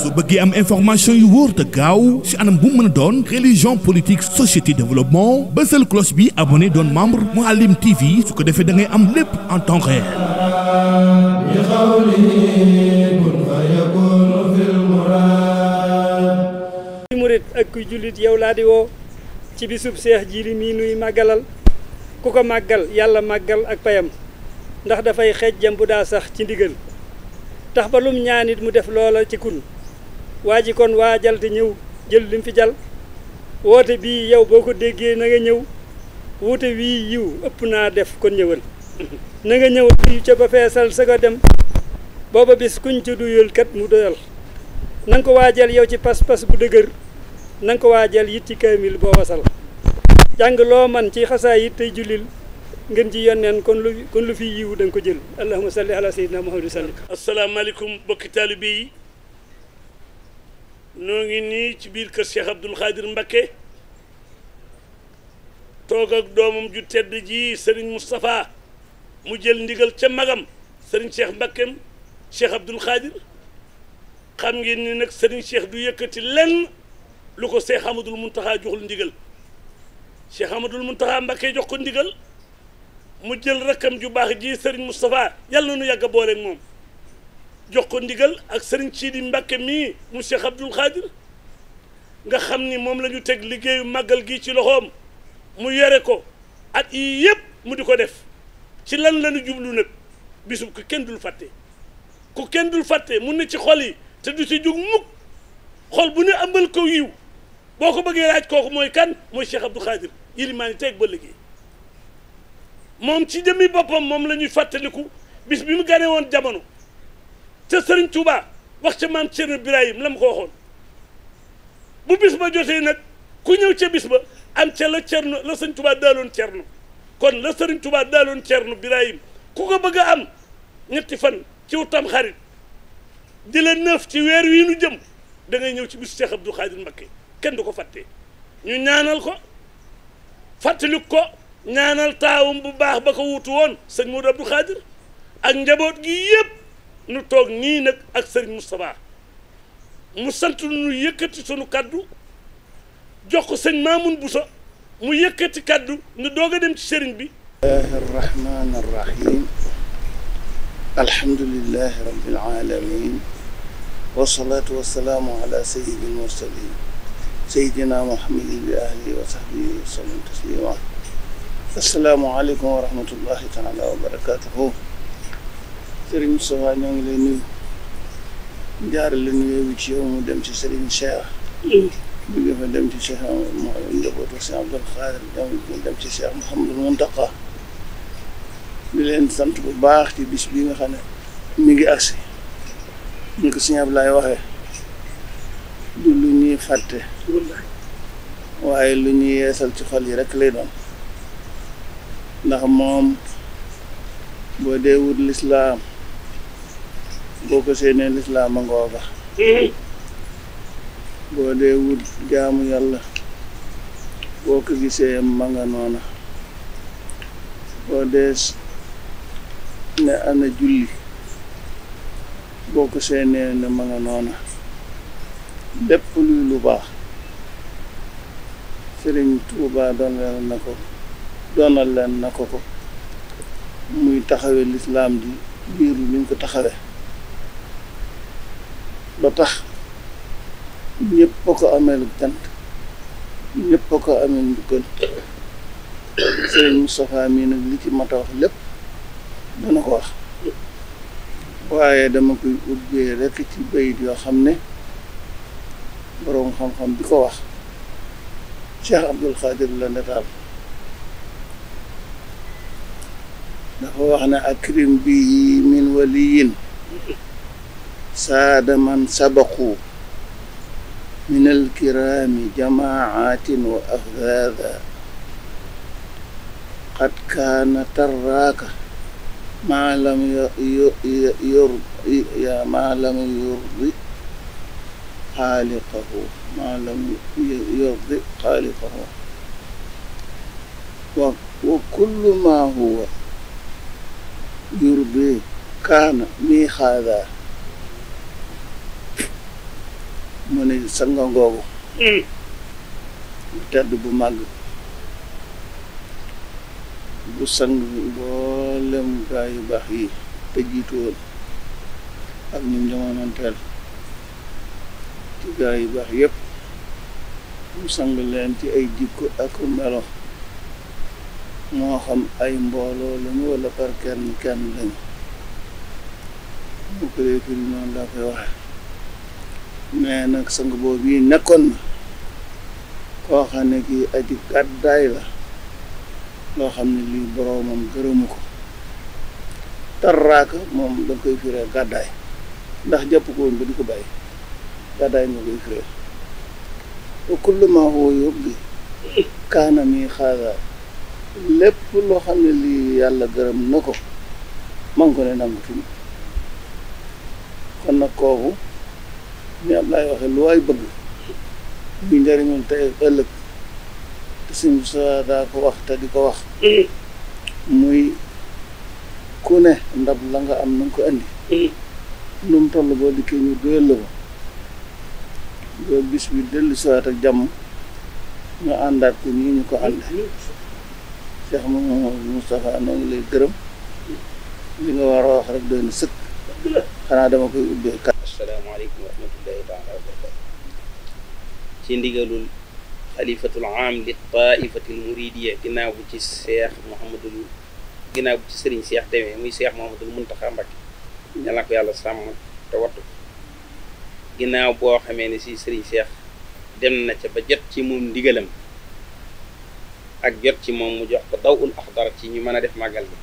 su bëggee am information yu wóor te gaaw si anam bu mën a doon religion politique société développement bësal cloche bi abonné doon membre Mouhalim TV su ko defee dangay am lépp en temps réel. murit ak kuy jullit yow laa di woo ci bisub seex jiili mii nuy màggalal ku ko màggal yàlla màggal ak payam. ndax dafay xejjam bu daa sax ci ndigal tax ba lum ñaanit mu def loola ci kun waa ji kon waajal te ñëw jël lim fi jal woote bii yow boo ko déggee na nga ñëw wuute wii yiw ëpp naa def kon ñëwal na nga ñëw yu ca ba feesal sa ko dem booba bis kuñ ci duyul kat mu doyal na nga ko waajal yow ci pas-pas bu dëgër na nga ko waajal it ci kaamil boo wasal jàng loo man ci xasaa it tey jullil ngeen ci yónneen kon lu kon lu fi yiwu da nga ko jël allahuma salli ala sayyidina muhammad salli asalaamaaleykum bokki taalibe yi noo ngi nii ci biir kër Cheikh Abdoul Khadir Mbacké toog doomam ju tedd ji sëriñ Moustapha mu jël ndigal ca magam sëriñ Cheikh Mbacké Cheikh Abdoul Khadir xam ngeen ni nag sëriñ Cheikh du yëkkati lenn lu ko Cheikh Amadou Mountakha joxul ndigal Cheikh Amadou Mountakha Mbacké jox ndigal mu jël rakkam ju baax ji sëriñ Moustapha yàlla nu yàgg a moom jox ko ndigal ak sëriñ Sidi Mbacke mii mu Cheikh Abdoul Khadir nga xam ni moom lañu teg liggéeyu màggal gi ci loxoom mu yore ko ak yii yëpp mu di ko def ci lan la ñu jublu nag bisub ku kenn dul fàtte ku kenn dul fàtte mun na ci xol yi te du si jug mukk xol bu ñu ambal ko yiw boo ko bëggee laaj kooku mooy kan mooy Cheikh Abdoul Khadir yilimaani teg ba liggéey moom ci jëmmi boppam moom la ñuy fàttaliku bis bi mu gane woon jamono ca sëriñ Touba wax ca maam Thierno Birahim la mu ko waxoon bu bis ba jotee nag ku ñëw ca bis ba am ca la Thierno la sëriñ Touba daaloon Thierno kon la sëriñ Touba daaloon Thierno Birahim ku ko bëgg a am ñetti fan ci wutam xarit di la neuf ci weer wii nu jëm dangay ñëw ci bisu Cheikh Abdou Khadir Mbacké kenn du ko fàttee ñu ñaanal ko fàttaliku ko. ñaanal taawum bu baax ba ko wutu woon sëñ Modou Abdou Khadir ak njaboot gi yëpp nu toog nii nag ak sëriñ Moustapha mu sant nu yëkkati sunu kaddu jox ko sëñ Mamoun Bousso mu yëkkati kaddu ñu doog a dem ci sëriñ bi arrahman arrahim alhamdulilahi rabbil alamin wasalaatu wasalaamu ala sayyidil mursalin sayyidina muhammadin wa ahlihi wa sahbihi wa sallam taslima asalaamaaleykum wa rahmatullahi taala wa barakaatuhu sëriñ ñoo ngi lay jaar la nuyoo bi ci yow mu dem ci sëriñ Cheikh mm-hmm. jóge dem ci Cheikh njabootu Cheikh Abdoul Khadir dem Muntaqa di leen sant bu baax ci bis bi nga xam ne mi ngi agsi ñu ko Sëriñ Ablaay waxee du lu ñuy fàtte waaye lu ñuy yeesal ci fal yi rek lay doon ndax moom boo dee wut lislaam boo ko seenee lislaam a ngooga boo dee wut jaamu yàlla boo ko gisee ma nga noona boo dee ne ana julli boo ko seenee ne ma nga noona lépp luy lu baax Sëriñ Tuubaa doon na ko doonal leen na ko ko muy taxawe lislaam di biir lu ñu ko taxawe ba tax ñëpp a ko ameel cant ñëpp a ko ameel njukkal sëriñ Moustapha mii nag li ci mata wax lépp dana ko wax waaye dama koy ubbee rekk ci bayit yoo xam ne boroom xam-xam bi ko wax Cheikh Abdul Xaadir la netaal dafa wax ne akrim bihi min waliyin saada man sabaqu min alkiraami jamaatin wa afdaada qad kaana tarraaka maa lam yurdi xaaliqahu maa lam yurdi xaaliqahu wa kullu maa huwa يربي kaana mii xaadaa mu ne sanga ngoogu hmm. tedd bu màgg bu sang mboolem gaa yu baax yi te jiitu woon ak ñum jamonoonteel ci gaa yu baax yépp mu sang leen ci ay jikko ak melo moo xam ay mbooloo lañu wala par kenn kenn lañu bu ko léegi noonu laa koy waxe mais nag sang boobu yi nekkoon na koo xam ne kii aji gàddaay la loo xam ne lii boroomam gërëmu ko tarraaka moom da koy firee gàddaay ndax jàpp ko ba di ko bàyyi gàddaay nga koy firee wa kullu ma huwa yubdi kaana mi xaaga lépp loo xam ne lii yàlla gërëm na ko ma ngi ko ne nangu fi kon nag kooku ñu am laay waxe lu waay bëgg muy njëriñul tey ëllëg te suñ sa daa ko wax te di ko wax muy ku ne ndab la nga am na nga ko indi nu mu toll boo dikkee ñu doyal la ko boo bis bi dellu siwaat ak jàmm ñu àndaat ko nii ñu ko ànde Cheikh Mouhamadou Moustapha noo ngi lay gërëm li nga war a wax rek doy na sëkk xanaa dama koy ubbee kat asalaamaaleykum wa rahmatullahi taala wa barakatu ci ndigalul xalifatul am li taifatil muridiya ginnaaw bu ci Cheikh Mouhamadul ginnaaw bu ci Muntaxa Mbakke ñal ko yàlla sàmm te wattu ginnaaw boo xamee ne si sëriñ dem na ca ba jot ci moom ndigalam ak jot ci moom mu jox ko daw ul axdar ci ñu mën a def màggal bi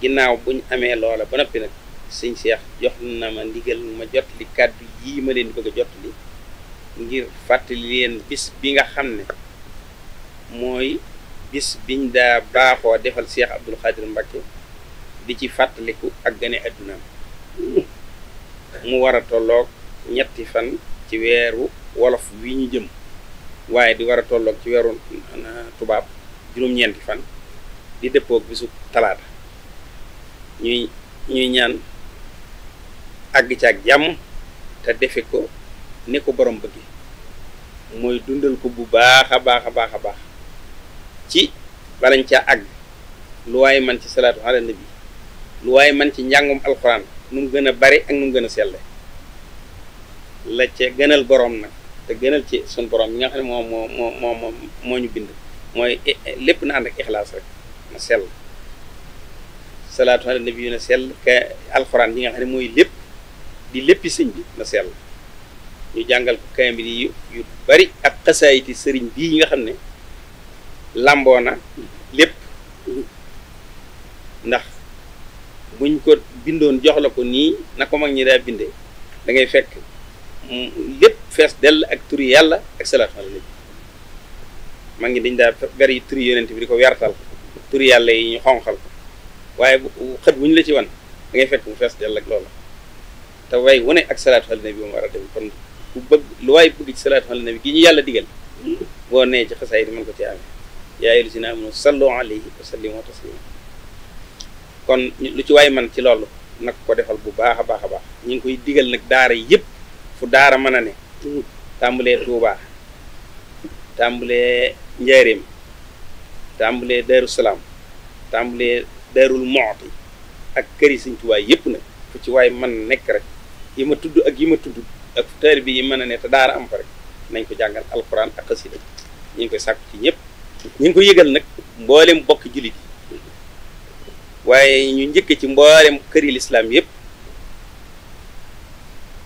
ginnaaw buñ amee loola ba noppi nag sëñ Seex jox na ma ndigal ma jot li kàddu yii ma leen bëgg a jot li ngir fàttali leen bis bi nga xam ne mooy bis biñ daa baaxoo defal Seex Abdul Xaadir Mbakke di ci fàttaliku ak gane àdduna mu war a tolloog ñetti fan ci weeru wolof wi ñu jëm waaye di war a tolloog ci weeru tubaab juróom-ñeenti fan di dëppoog bisu talaata ñuy ñuy ñaan àgg ci ak jàmm te defe ko ne ko borom bëgg mooy dundal ko bu baax a baax a baax a baax ci balañ caa àgg lu waaye man ci salaatu ala nabi lu waaye man ci njàngum alxuraan nu mu gën a bari ak mu gën a selle la ca gënal boroom nag te gënal ci suñ borom bi nga xam ne moom moo moo moo moo moo ñu bind mooy lépp na ànd ak ixlaas rek na sell salaatu ala nabi yu na sell ka alxuraan yi nga xam ne mooy lépp di léppi sëñ bi na sell ñu jàngal ko kaamil yi yu bari ak xasaayiti sëriñ bii yi nga xam ne làmboo na lépp ndax buñ ko bindoon jox la ko nii na ko mag ñi daa bindee da fekk lépp fees dell ak turi yàlla ak salaatu ala nabi maa ngi dañ daa ber yi turi yonent bi di ko wertal turi yàlla yi ñu xonqal ko waaye xët wuñu la ci wan da ngay fekk mu fees dell ak loola te waaye wane ak salaatu ala nabi moom war a dem kon ku bëgg lu waaye bëgg ci salaatu ala nabi gi ñu yàlla digal boo nee ci xasaay di mën ko ci amee yaa ayyuhallazina amanu sallu alayhi wa sallimu taslima kon lu ci waay man ci loolu nag ko defal bu baax a baax a ñu ngi koy digal nag daara yëpp fu daara mën a ne tàmbalee Touba tàmbalee Njaaréem tàmbalee Daaru Salaam tàmbalee Daarul Mooti ak këri Sëñ Touba yëpp nag fu ci waay mën nekk rek yi ma tudd ak yi ma tudd ak taalibe bi yi mën a ne te daara am fa rek nañ ko jàngal alxuraan ak xasida ñu ngi koy sàkku ci ñëpp ñu ngi ko yëgal nag mboolem bokk jullit yi waaye ñu njëkke ci mboolem këri lislaam yëpp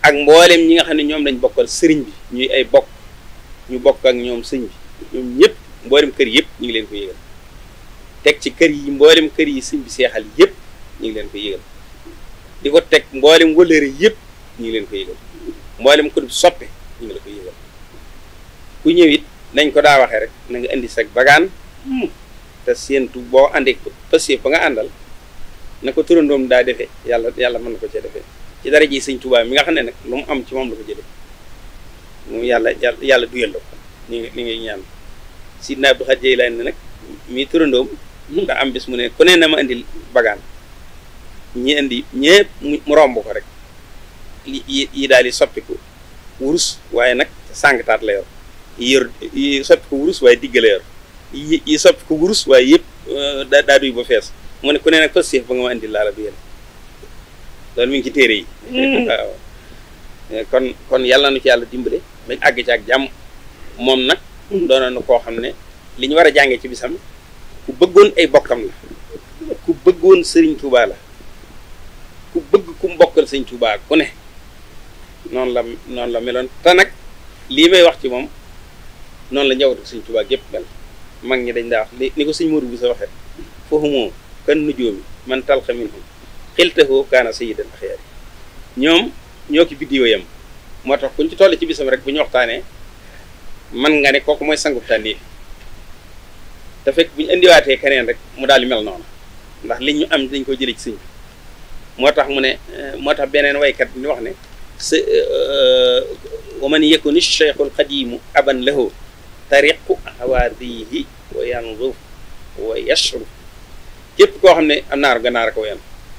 ak mboolem ñi nga xam ne ñoom lañ bokkal sëriñ bi ñuy ay bokk ñu bokk ak ñoom sëñ bi ñoom ñëpp mboolem kër yëpp ñu ngi leen ko teg ci kër yi mboolem kër yi sëñ seexal yëpp ñu ngi leen ko yëgal di ko teg mboolem wëlëre yëpp ñu ngi leen ko yëgal mboolem ko dub soppe ñu ngi ko yëgal ku ñëw it nañ ko daa waxee rek na nga indi sag bagaan te séentu boo àndee ko passé ba nga àndal na ko turandoom daa defee yàlla yàlla mën na ko cee defee ci dara ji sëñ Tuubaa mi nga xam ne nag lu mu am ci moom la ko jële moom yàlla yàlla duyal la ko ni nga ni ngay ñaan Sidna Abdou Xaadir Jeylaani ne nag mii turandoom nga am bis mu ne ku ne ma indil bagaan ñi indi ñëpp rek yi daal di soppiku wurus waaye nag sàngtaat la yor yi yor yi yi yi soppiku wurus waaye yëpp euh, daa daa ba fees mu ne ne nag fas séef ba nga ma indil laa la duyal loolu mi ngi ci téere yi mm. eh, kon kon yàlla na nu ci yàlla dimbale bañ àgg ci ak jàmm moom nag mm. doonoon na koo xam ne li ñu war a jànge ci bisam ku bëggoon ay bokkam la ku bëggoon sëriñ Touba la ku bëgg ku mbokkal sëriñ Touba ku ne noonu la noonu la meloon te nag lii may wax ci moom noonu la njawatu sëriñ Touba gépp mel mag ñi dañ daa wax ni ko sëriñ Modou bu sa waxee foofu moom kan nu joomi man talxa minhum xiltahu kaana sayyidan axiyar ñoom ñoo ki biddiwo yam moo tax kuñ ci toll ci bisam rek bu ñu waxtaanee man nga ne kooku mooy sangu tànni te fekk bu ñu indiwaatee keneen rek mu daal di mel noonu ndax li ñu am dañ ko jëlee ci moo tax mu ne moo tax beneen waykat ñu wax ne sa euh, wa man yakuni cheikhul qadimu aban lahu tariqu awaadihi wa yanzuf wa yashrub képp koo xam ne am naaru ganaar ko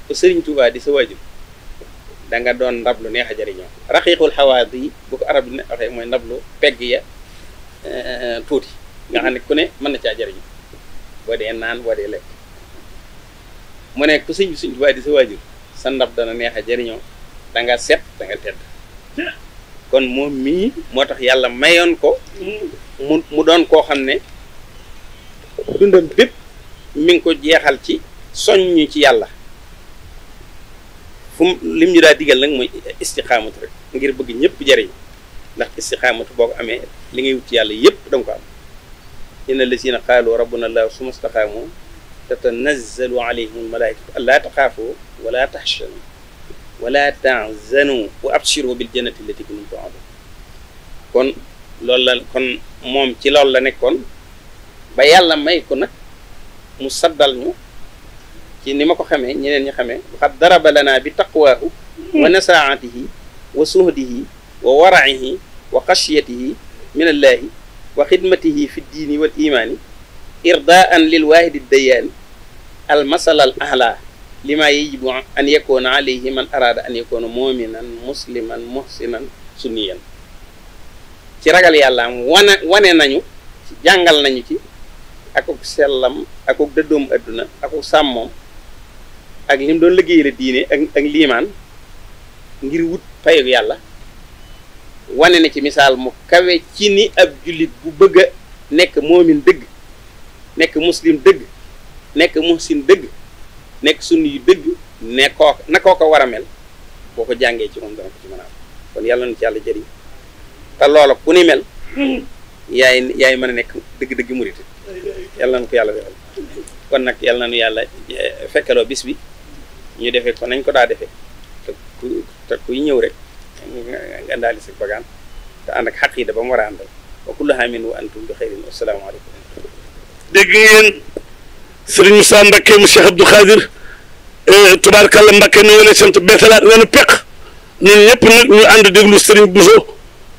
ku sëriñ Touba di sa waajur da doon ndab lu neex a jariñoo raqiqul xawaad yi bu ko arab di waxee mooy ndab lu pegg ya eh, tuuti nga xam ne ku ne mën na caa jëriñoo boo dee naan boo dee lekk mu ne ku sëñ bi di sa waajur sa ndab dana neex a jariñoo danga nga set da tedd kon moom mii moo tax yàlla mayoon ko mu mu doon koo xam ne dundam bépp mi ngi ko jeexal ci soññu ci yàlla fu mu lim ñu daa digal nag mooy istixaamatu rek ngir bëgg ñëpp jariñ ndax istixaamatu boo ko amee li ngay wut yàlla yëpp danga ko am inna lazina qaalu rabbuna allah suma staxaamu tatanazzalu alayhim almalaikatu allaa taxaafu wala taxshanu wala tahzanu wa kon moom ci loolu la nekkoon ba yàlla may ko nag mu saddal ñu ci ni ma ko xamee ñeneen ñi xamee xad daraba lana bi taqwaahu wa nasaatihi wa suhdihi wa waraihi wa xashyatihi min allaahi wa xidmatihi fi diini wal imaani irdaan lil waahidi dayaani al masala al ahla lima yajibu an yakuna alayhi man araada an yakuna muminan musliman muhsinan sunniyan ci ragal yàlla am wane nañu jàngal nañu ci akuk sellam akuk dëddoom adduna akuk sàmmoom ak lim doon liggéeyee la diine ak ak liimaan ngir wut payu yàlla wane na ci misaal mu kawe ci ni ab jullit bu bëgg nekk moomin dëgg nekk muslim dëgg nekk muhsin dëgg nekk sunni yu dëgg nekkoo nakoo ko war a mel boo ko jàngee ci moom dana ko ci mën kon yàlla na ci yàlla jëriñ te loola ku ni mel yaay yaay mën a nekk dëgg-dëgg murit yàlla na yàlla nag yàlla na nu yàlla eh, fekkaloo bis bi ñu defee ko nañ ko daa defee te kuy ñëw rek nga daal di si bagaan te ànd ak xaqiida ba mu war a àndal wa kullu aamin wa antum bi xayrin asalaamaaleykum. dégg ngeen sëriñ Moussa Mbacke mu Cheikh Abdou Khadir eh, tubaarkàlla Mbacke ñu ngi lay sant beetalaat wala peq ñun ñëpp nag ñu ànd déglu sëriñ Bousso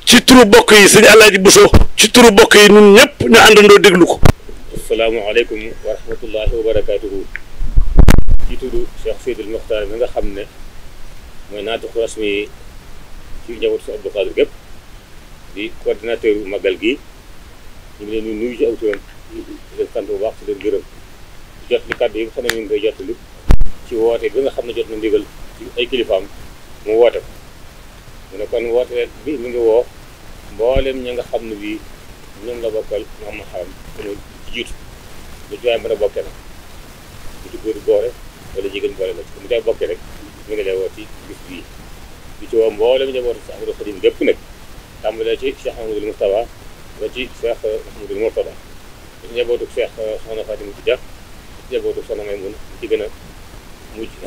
ci yi sëriñ Alaaji Bousso ci turu bokk yi ñun ñëpp ñu àndandoo déglu ko. asalaamaaleykum wa rahmatullahi wa barakaatuhu. ci tudd Cheikh Seydil Mokhtar nga xam ne mooy naatu xuras mi ci njabootu si Abdou Khadre gépp di coordinateur magal gi ñu ngi leen di nuyu ci aw turam di leen gërëm jot li kàddu yi nga xam ne ñu ngi koy jottali ci woote bi nga xam ne jot na ndigal ci ay kilifaam mu woote ko mu ne kon woote bi mu ngi woo mboolem ñi nga xam ne bii ñoom la bokkal mu am xaram te ñu jiitu lu ci waaye mën a bokke na lu ci góor wala jigéen boole la mu ca bokkee rek ngi lay woo ci bis ci woo mboolem njabootu si Ahmadou lépp nag tàmbalee ci Cheikh Amadou Moustapha ba ci Cheikh Amadou Mourtada Cheikh Soxna Fatim ci jax ci njabootu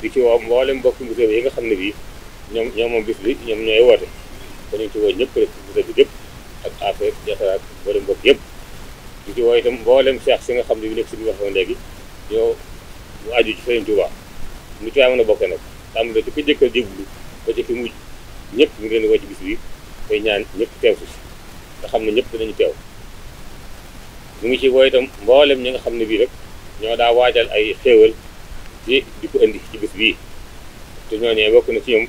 di ci woo mboolem mbokk mu yi nga xam ne bii ñoom ñoom moom bis bi ñoom woo ñëpp rek mbir bi yëpp ak affaire jafaraat mboolem yëpp di ci woo itam mboolem si nga xam ne bi nekk si bi waxoon léegi yow mu aju ci Sëriñ Tuubaa lu ci waay mën a bokk nag tàmbale ci ko jëkkal jéblu ba ci fi mujj ñëpp ñu leen woo ci bis bi tey ñaan ñëpp teew si nga xam ne ñëpp dinañu teew mu ngi ci woo itam mbooleem ñi nga xam ne bii rek ñoo daa waajal ay xéewal ci di indi ci bis bii te ñooñee bokk na ci ñoom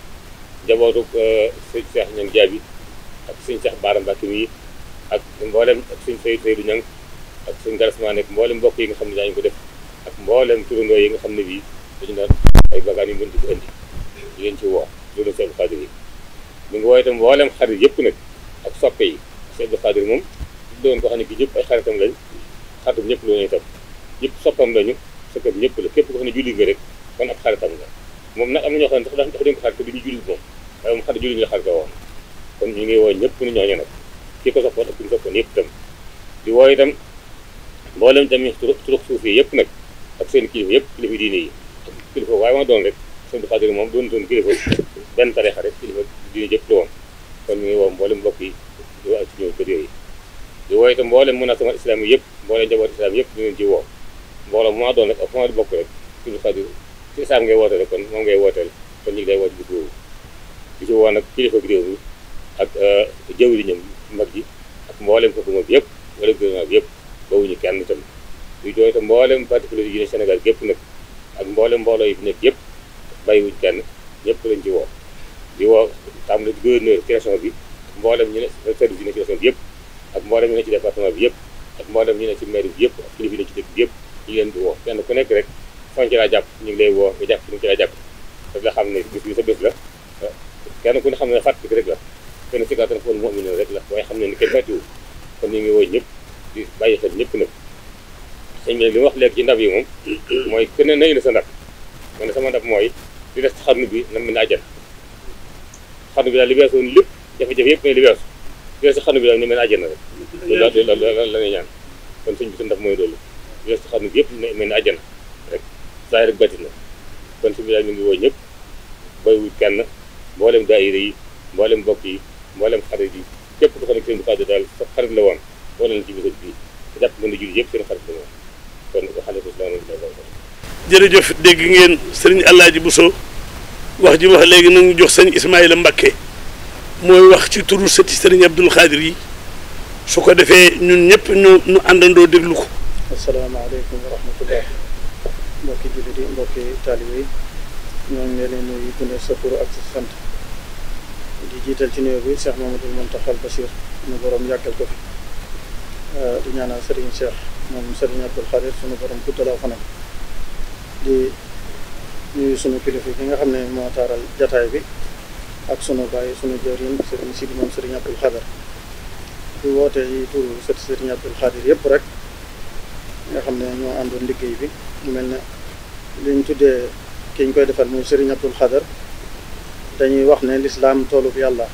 njabootu euh, sëñ Cheikh Niang Diaby ak sëñ Cheikh Bara Mbacké mi ak mboolem ak sëñ Seydou Seydou Niang ak sëñ Garas Mané nekk mboolem mbokk yi nga xam ne daañu ko def ak mbooleem turandoo yi nga xam ne bii dañu naan ay bagaan yu mënti ko indi di leen ci woo loolu Sëñ Abdou Khadir yi mu ngi wooye itam mbooleem yëpp ak soppe yi Sëñ Abdou moom doon ko ne bi ñëpp ay xaritam lañ xaritam ñëpp ñëpp soppam lañu soppam ñëpp la képp ko xam ne julli nga rek kon ab xaritam nga na ñoo xam ne sax dafa dañ ko xarit duñu julli moom waaye moom ñu la xarit woon kon ñu woo ñëpp nu ñooñu nag kii ko soppoon ak ku ñu soppoon di woo itam mboolem tamit turu turu suuf yi yëpp nag ak seen kilifa yëpp kilifa diine yi kilifa waaye ma doon rek sëñ bi moom doon doon kilifa benn tarixa rek kilifa diine yëpp la woon kon ñu ngi woo mboolem bokk yi di woo ak ci ñëw kër yooyu di yi yëpp mboolem njaboot islam yëpp di leen ci woo mbooloo mu ma doon rek ak fu ko di bi xadir ci islam ngay woote rek wooteel kon ñu ngi day woote bis boobu di ci woo nag kilifa euh, mag ji ak mboolem foofu moom yëpp wala gouvernement bi yëpp bawuñu kenn itam di jooytu mboolem parti politique yi ne Sénégal gépp nag ak mboolem mbooloo yi fi nekk yëpp bàyyiwuñ kenn ñëpp lañ ci woo di woo tàmbali gouverneur création bi mboolem ñu ne service yi ne bi yëpp ak mboolem ñu ne ci yëpp ak mboolem ñu ne yëpp ak kilifa ci dëkk bi yëpp di woo kenn ku nekk rek fan ci jàpp ñu ngi lay woo nga jàpp ñu ci laa la xam ne bés bi sa ah, kenn ku ne xam ne fàttali rek la kenn si gàttal foofu mu am rek la waaye xam ne ni kenn fàttiwu kon ñu ngi woo ñëpp bàyyi xel ñëpp nag sëñ bi li mu wax léegi ci ndab yi moom mooy ku ne nañu la sama ndab mooy li bi na mel ni àjjana bi daal li weesu woon lépp jafe yëpp li weesu bi daal ni mel la ñuy ñaan kon sëñ bi sa ndab mooy loolu li weesu xarnu bi yëpp ne mel ni àjjana rek saa ngi woo ñëpp bàyyiwul kenn mboolem mbokk yi mboolem xarit yi képp ko xam ne sëñ bi sa la woon wala na jàpp mën a jur yëpp seen xarit la woon kon waxale ko loolu jërëjëf dégg ngeen sëriñ Alaaji Bousso wax ji wax léegi nañu jox sëñ Ismaïla Mbakke mooy wax ci turu sëti sëriñ Abdul Xaadir yi su ko defee ñun ñëpp ñu ñu àndandoo déglu ko. asalaamaaleykum wa rahmatullah mbokki jullit yi mbokki taalibe yi ñoo ngi leen nuyu ne sa ak sa sant di jiital ci néew bi Cheikh Mamadou Muntaxal Bachir ñu borom yàggal ko fi di ñaanal sëriñ Cheikh. moom sëriñ Abdul Xaadir sunu borom guddalee fanam di nuyu sunu kilifa yi nga xam ne moo taaral jataay bi ak sunu baay sunu jëriñ sëriñ Sidi moom sëriñ Abdul Xaadir di woote yi turu sët Abdul Xaadir yëpp rek nga xam ne ñoo àndoon liggéey bi mu mel ne liñ tuddee ki koy defar muy sëriñ Abdul Xaadir dañuy wax ne lislaam toolub yàlla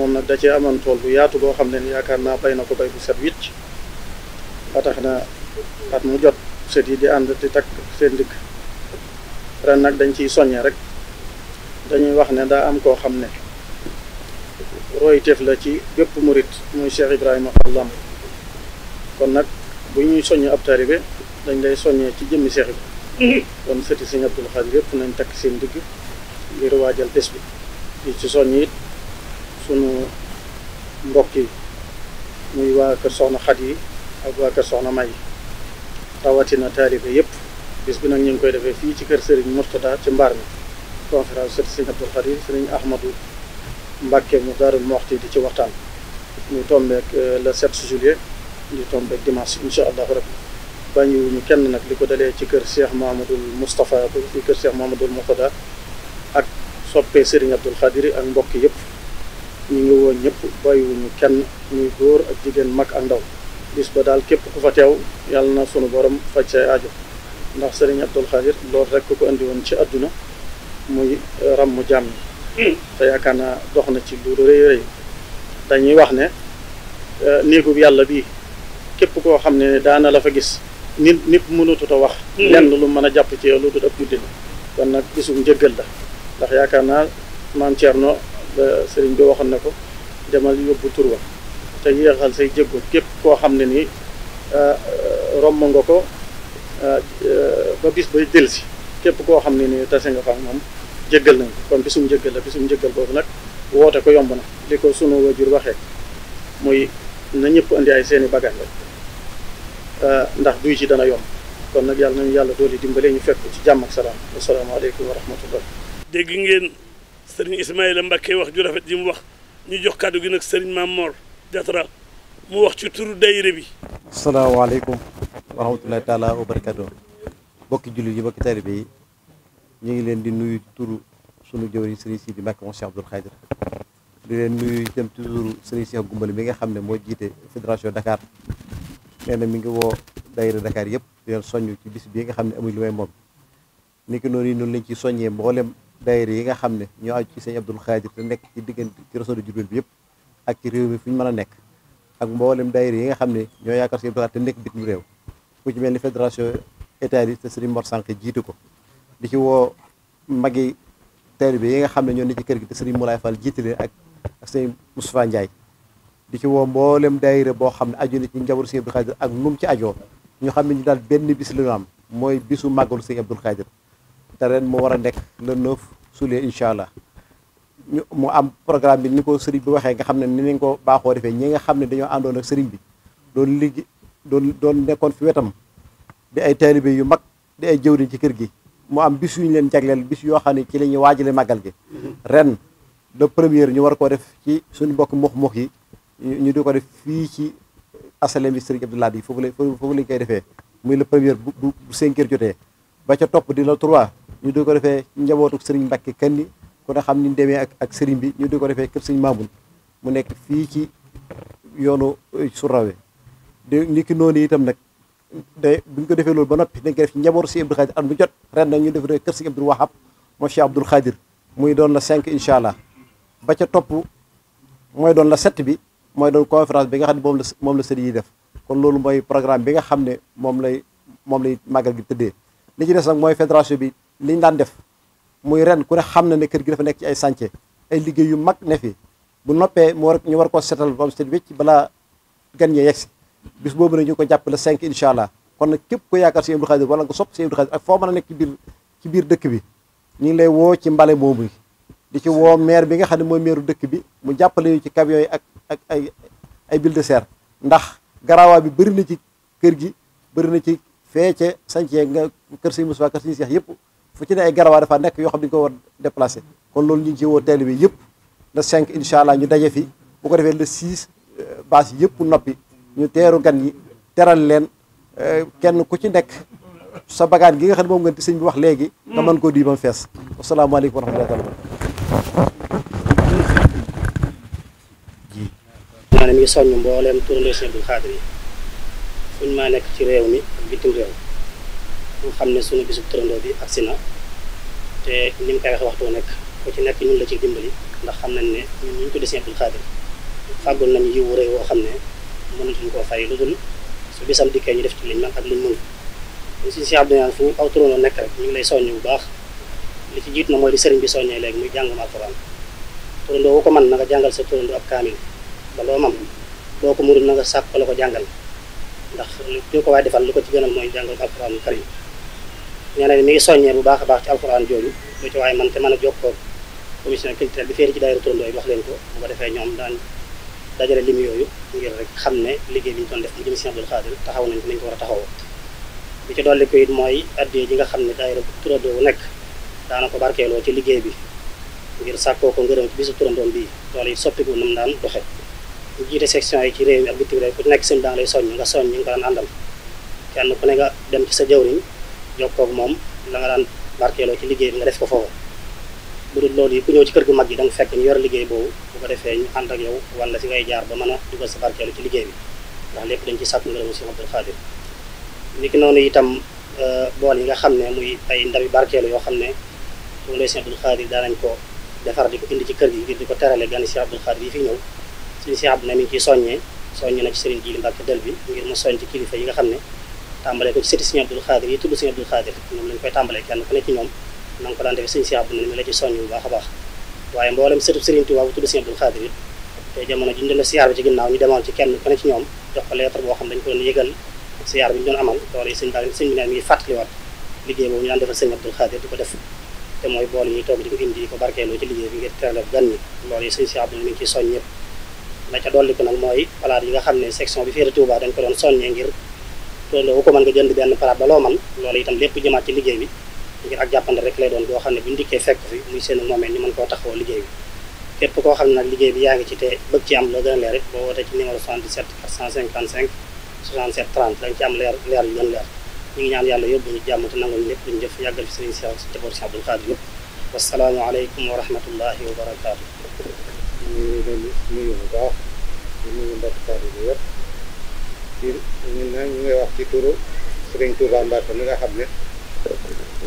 moom nag da cee amoon tool bu yaatu boo xam ne yaakaar naa bay na ko bay bu set wicc ba tax na at mu jot set yi di ànd di takk seen dikk ren nag dañ ciy soññe rek dañuy wax ne daa am koo xam ne royteef la ci bépp murit muy Cheikh Ibrahima Fall kon nag bu ñuy soññ ab taalibe dañ lay soññee ci jëmmi Cheikh bi kon sëti Sëñ Abdul Xaadir yépp nañ takk seen digg ngir waajal bés bi di ci soññ it sunu mbokk yi muy waa kër soxna xat yi ak waa kër Soxna May rawatina taalibe yëpp gis bi nag ñu ngi koy defee fii ci kër Serigne Mourtada ci mbaar mi conférence sët Serigne Abdoul Khadir Serigne Ahmadou Mbacke mu di ci waxtaan ñu tombeek euh, le 7 juillet ñu tombeek dimanche incha allahu rabbi bàyyiwuñu kenn nag li ko delee ci kër seex Cheikh Mahamadoul Moustapha ba ci kër Cheikh Mahamadoul Mourtada ak soppee Serigne Abdoul Khadir ak mbokk yëpp ñu ngi woon ñëpp bàyyiwuñu kenn ñuy góor ak jigéen mag ak ndaw bis ba daal képp ku fa teew yàlla na sunu borom faj say aajo ndax sëriñ Abdul Xaadir loolu rek ko andi woon ci àdduna muy eh, ràmm jàmm te yaakaar naa dox na ci lu rëy rëy dañuy wax ne eh, néegub yàlla bi képp koo xam ne daana la fa gis nit nit mënatut a wax hmm. lenn lu mën a jàpp ci yow lu dul ab julli la kon nag bisum njëggal la ndax yaakaar naa maam Thierno eh, sëriñ bi waxoon na ko demal yóbbu tur wa te yéexal say jéggo képp koo xam ne ni euh, euh, romb nga ko euh, ba bis bay delsi képp koo xam ne ni tase nga fa moom jëggal nañ kon bisum jëggal la bisum jëggal boobu nag woote ko yomb na li ko sunu wajur waxee mooy na ñëpp andi ay seeni bagage rek ndax duy ci dana yomb kon nag yàlla nañu yàlla doole dimbale ñu fekk ci jàmm ak salaam asalaamaaleykum wa rahmatullah dégg ngeen sëriñ Ismaïla Mbakke wax ju rafet ji mu wax ñu jox kàddu gi nag sëriñ Maam Mor mu wax ci turu dayre bi salaamaaleykum wa rahmatullahi taala wa barakatu bokki jullit yi bokki taalibe yi ñu ngi leen di nuyu turu sunu jëwriñ sëriñ si di Mbàkke moom Cheikh Abdoul Khadir di leen nuyu itam toujours sëriñ Cheikh Gumbale mi nga xam ne moo jiite fédération Dakar nee na mi ngi woo daayira Dakar yëpp di leen soññ ci bis bii nga xam ne amuñ lu may moom ni noonu yi noonu lañ ci soñee mboolem daayira yi nga xam ne ñoo aju ci sëriñ Abdoul Khadir te nekk ci ci réseau de bi yëpp ak réew mi fu ñu mën a nekk ak mboolem daayira yi nga xam ne ñoo yaakaar Sëriñ Abdou Khadre te nekk bitim réew ku ci mel ni fédération Italie te Sëriñ Mor Sànq jiitu ko di ci woo magi bi yi nga xam ne ñoo ne ci kër gi te Sëriñ Moulay Fall jiite leen ak ak Sëriñ Moustapha Ndiaye ci woo mboolem daayira boo xam ne aju na ci njaboot Sëriñ Abdou Khadre ak nu mu ci ajoo ñu xam ne ñu daal benn bis la am mooy bisu màggalu Sëriñ Abdou Khadre te ren mu war a nekk le 9 juillet incha allah mu am programme bi ni ko sëriñ bi waxee nga xam ne ni nañ ko baaxoo defee ñi nga xam ne dañoo àndoon ak sëriñ bi doon liggéey doon doon nekkoon fi wetam di ay taalibe yu mag di ay jëwriñ ci kër gi moo am bis yu leen jagleel bis yoo xam ne ci la ñuy waajale màggal gi ren le première ñu war koo def ci suñu mbokk mux-mux yi ñu di ko def fii ci asalem bi sëriñ Abdoulaye bi foofu la foofu lañ koy defee muy le première bu bu cinq heures jotee ba ca topp di la trois ñu di ko defee njabootu sëriñ Mbacke Kanni kon ne xam ni demee ak ak sëriñ bi ñu di ko defee kër sëñ Mamoun mu nekk fii ci yoonu euh, Surawe de ni noonu itam nag day bu ñu ko defee loolu ba noppi dañ def ci si Abdul Xaadir at mu jot ren nag ñu def kër sëñ Abdul Wahab moo Cheikh Abdul Xaadir muy doon la cinq incha allah ba ca topp mooy doon la sept bi mooy doon conférence bi nga xam ne moom la moom la sëriñ yi def kon loolu mooy programme bi nga xam ne moom lay moom lay màggal gi tëddee li ci des nag mooy fédération bi liñ daan def muy ren ku ne xam na ne kër gi dafa nekk ci ay chantier ay liggéey yu mag ne fi bu noppee mu war ñu war koo seetal ba mu set wécc balaa gan ñee yegg si bis boobu nag ñu ko jàppale le allah kon nag képp ko yaakaar si Abdou Khadir wala nga sopp si Abdou Khadir ak foo mën a nekk ci ci biir dëkk bi ñu ngi lay woo ci mbale moomu di ci woo maire bi nga xam ne mooy maireu dëkk bi mu jàppale ñu ci camion yi ak ak ay ay bil de serre ndax garawaa bi bëri na ci kër gi bëri na ci feece sanc nga kër si Moussa kër si yëpp fu ci ne ay garawaay dafa nekk yoo xam ne dañu ko war déplacé kon loolu ñu jiwoo ci bi yëpp la 5 incha allah ñu daje fi bu ko defee le 6 euh, bâche yëpp noppi ñu teeru gan yi teral leen euh, kenn ku ci nekk sa bagaan gi nga xam ne moom nga sëñ bi wax léegi nga mën koo duy ba mu fees asalaamaaleykum wa rahmatulah maanaam ñu soññ mbooleem turandoo Sëñ Abdou Khadre nekk ci réew mi ak bitim réew ñu xam ne suñu bisub tërëndoo bi aksi na te ni mu koy waxee waxtu nekk ku ci nekk ñun la ci dimbali ndax xam nañ ne ñun ñu ko di Sëñ Abdul Xaadir fàggul nañ yiw réew woo xam ne mënatuñ ko fay lu dul su bisam dikkee ñu def ci liñ man ak liñ mënul ñu si Sëñ Abdou fu aw ngi lay soññ bu baax li ci jiit na mooy di sëriñ bi soññee léegi muy jàngum alxuraan tërëndoo wu ko man na nga jàngal sa tërëndoo ab kaamil ba loo boo ko mënul na nga la ko jàngal ndax li ko waay defal lu ko ci gënal mooy jàngal alxuraan karim nee na mi ngi soññee bu baax a baax ci alxuraan jooju waaye man te mën a jokkoo commission culturelle bi féeri ci daayira turandoo yi wax leen ko bu ko defee ñoom daan dajale lim yooyu ngir rek xam ne liggéey bi ñu doon def mu jëm taxaw nañ ko nañu a taxawoo li ci dolli ko it mooy addee nga xam ne daayira turandoo bu nekk daana ko barkeeloo ci liggéey bi ngir sàkkoo ko ngërëm ci bisu turandoom bii loolu it soppiku nam daan doxe section yi ci réew mi ak bitim réew ku nekk seen daan lay soññ nga soññ nga daan kenn ku ne nga dem ci sa jawriñ jox jokkoog moom la nga daan barkeeloo ci liggéey bi nga def ko foofu bu dul loolu yi ku ñëw ci kër gu mag gi da nga fekk ñu yor liggéey boobu bu ko defee ñu ànd ak yow wan la si ngay jaar ba mën a dugal sa ci liggéey bi ndax lépp ci sàkku ngërëmu Cheikh Abdoul Khadir noonu itam euh, bool yi nga xam ne muy ay ndabi barkeelu yoo xam ne tungale Cheikh Abdoul Khadir daanañ ko defar di ko indi ci di ko terale gan Cheikh Abdoul Khadir yi fi ñëw na mi ngi ciy soññee soññe na ci Serigne Djili Mbacke del bi ngir mu soññ ci kilifa yi nga xam ne tàmbalee ko ci sëti Sëriñ Abdul Xaadir yi tudd Sëriñ Abdul Xaadir ñoom lañ koy tàmbalee kenn ku ne ci ñoom na nga ko daan defee Sëriñ Cheikh Abdou mi a baax waaye mboolem sëtu Sëriñ tudd Sëriñ Abdul Xaadir yi te jamono ji ñu doon siyaar ne mi ngi fàttaliwaat liggéey boobu ñu daan defal Sëriñ Abdul Xaadir di ko def te mooy bool yi toog di ko indi ko barkeeloo ci liggéey bi ngir teral gan ñi loolu yi Sëriñ Cheikh Abdou mi ngi ciy la ca dolli nag mooy palaat yi nga xam ne section bi féete te loolu ko mën nga jënd benn palaat ba loo man loolu itam lépp jëmaat ci liggéey bi ngir ak jàppande rek lay doon boo xam ne bu ñu dikkee fekk fi muy seen moomeel ñu mën koo taxawoo liggéey bi képp koo xam ne nag liggéey bi yaa ngi ci te bëgg ci am loo gën a leer rek am leer leer yu gën leer ngi ñaan yàlla yóbbu ñu jàmm te nangul lépp luñu jëf yàggal fi sëriñ si si jaboor si Abdul Xaadir yëpp wasalaamu aleykum wa wa barakaatu ñu ngi leen nuyu bu baax ñu ngi mbokk taalibe yëpp ci ñu ngi wax ci turu Sëriñ Touba Mbacke mi nga xam ne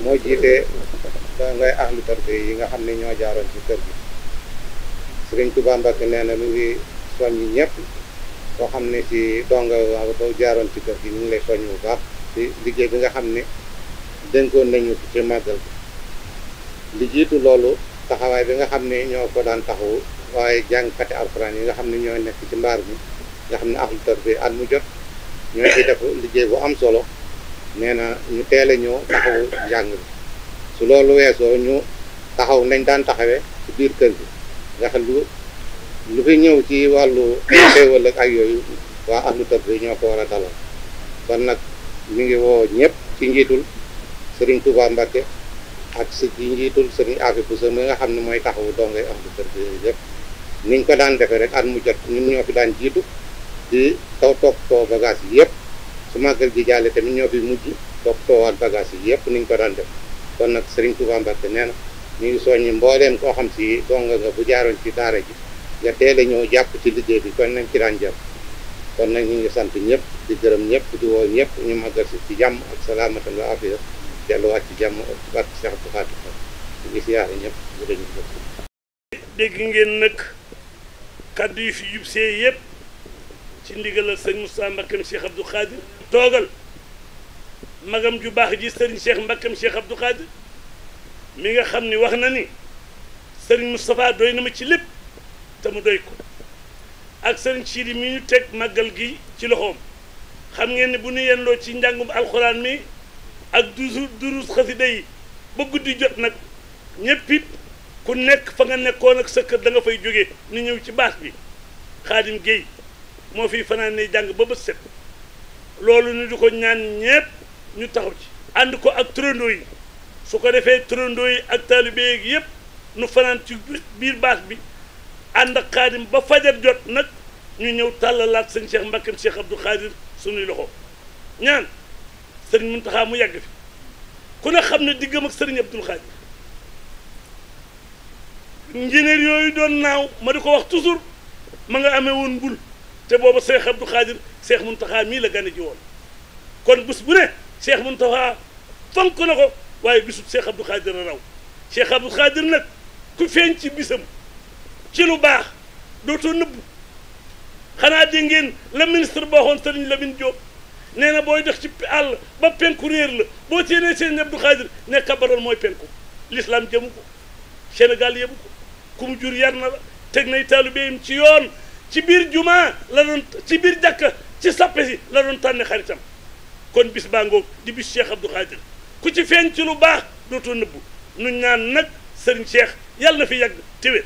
moo jiite da ngay ahlu tarbiya yi nga xam ne ñoo jaaroon ci kër gi Sëriñ Touba Mbacke nee na mi ngi soññ ñëpp koo xam ne ci donga boo jaaroon ci kër gi ñu ngi lay soññ bu baax ci liggéey bi nga xam ni dénkoon nañu ci màggal bi li jiitu loolu taxawaay bi nga xam ne ñoo ko daan taxawu waaye jàngkati alxuraan yi nga xam ne ñoo nekk ci mbaar mi nga xam ne ahlu tarbiya at mu jot ñu ci def liggéey bu am solo nee na ñu teel a ñëw taxawu njàng bi su loolu weesoo ñu taxaw nañ daan taxawee ci biir kër gi nga xam lu lu fi ñëw ci wàllu xéewal ak ak yooyu waa ahlu ñoo ko war a dalal kon nag mi ngi woo ñëpp ci njiitul Serigne Touba Mbacké ak si ci njiitul Serigne Afi Bousso nga xam ne mooy taxawu dongay ahlu tarbiya yëpp niñ ko daan defee rek at mu jot ñu ñoo fi daan jiitu di taw toppatoo bagage yi yëpp su màggal gi jàllee tamit ñoo fi mujj toppatoowaat bagage yi yëpp ni ñu ko daan def kon nag Serigne Touba Mbacke nee na ñu ngi soññi mbooleem koo xam ci donga nga bu jaaroon ci daara ji nga teel ñëw jàpp ci liggéey bi kon nañ ci daan jàpp kon nag ñu ngi sant ñëpp di gërëm ñëpp di woo ñëpp ñu màggal si ci jàmm ak salaamatan wa afiya delluwaat ci jàmm ak barke Cheikh Abdou Khadre ñu ngi siyaare ñëpp bu dañu dégg ngeen nag kaddu yi fi jub yëpp ci ndigalal sëñ Moussa Mbakkam Cheikh Abdou Khadir toogal magam ju baax ji sëriñ Cheikh Mbakkam Cheikh Abdou Khadir mi nga xam ni wax na ni sëriñ Moustapha doy na ma ci lépp te mu doy ko ak sëriñ Sidi mi ñu teg màggal gi ci loxoom xam ngeen ne bu ñu yenloo ci njàngum alxuraan mi ak durus durus xasida yi ba guddi jot nag ñëpp it ku nekk fa nga nekkoon ak sa kër da nga fay jógee ñu ñëw ci baas bi Xaadim Guèye moo fi fanaan ne jàng ba bët set loolu ñu di ko ñaan ñépp ñu taxaw ci ànd ko ak turandoo yi su ko defee turandoo yi ak taalibe yëpp nu fanaan ci biir baas bi ànd ak xaadim ba fajar jot nag ñu ñëw tàllalaat sëñ Cheikh Mbakkeem Cheikh Abdou Khadir sunuy loxo ñaan sëñ Muntaxa mu yàgg fi ku ne xam ne diggam ak sëriñ Abdou Khadir njëneer yooyu doon naaw ma di ko wax toujours ma nga amee woon mbul te booba seex Abdu Xaadir seex Muntaxa mii la gane ji woon kon bés bu ne seex Muntaxa fonk na ko waaye bisu seex Abdu Xaadir a raw seex Abdu Xaadir nag ku feeñ ci bisam ci lu baax dootoo nëbbu xanaa dégg ngeen la ministre boo xoon Sëriñ Lamine nee na booy dox ci àll ba penku réer la boo teenee seen Abdu Xaadir ne kabaral mooy penku l'islam jëmu ko Sénégal yëbu ko ku mu jur yar na la teg nay taalu beeyam ci yoon ci biir juma la doon ci biir jàkka ci sappe si la doon tànn xaritam kon bis baa di bis Cheikh Abdou Khadir ku ci feeñ ci lu baax dootoo nëbbu nu ñaan nag sëriñ Cheikh yàlla na fi yàgg téwéer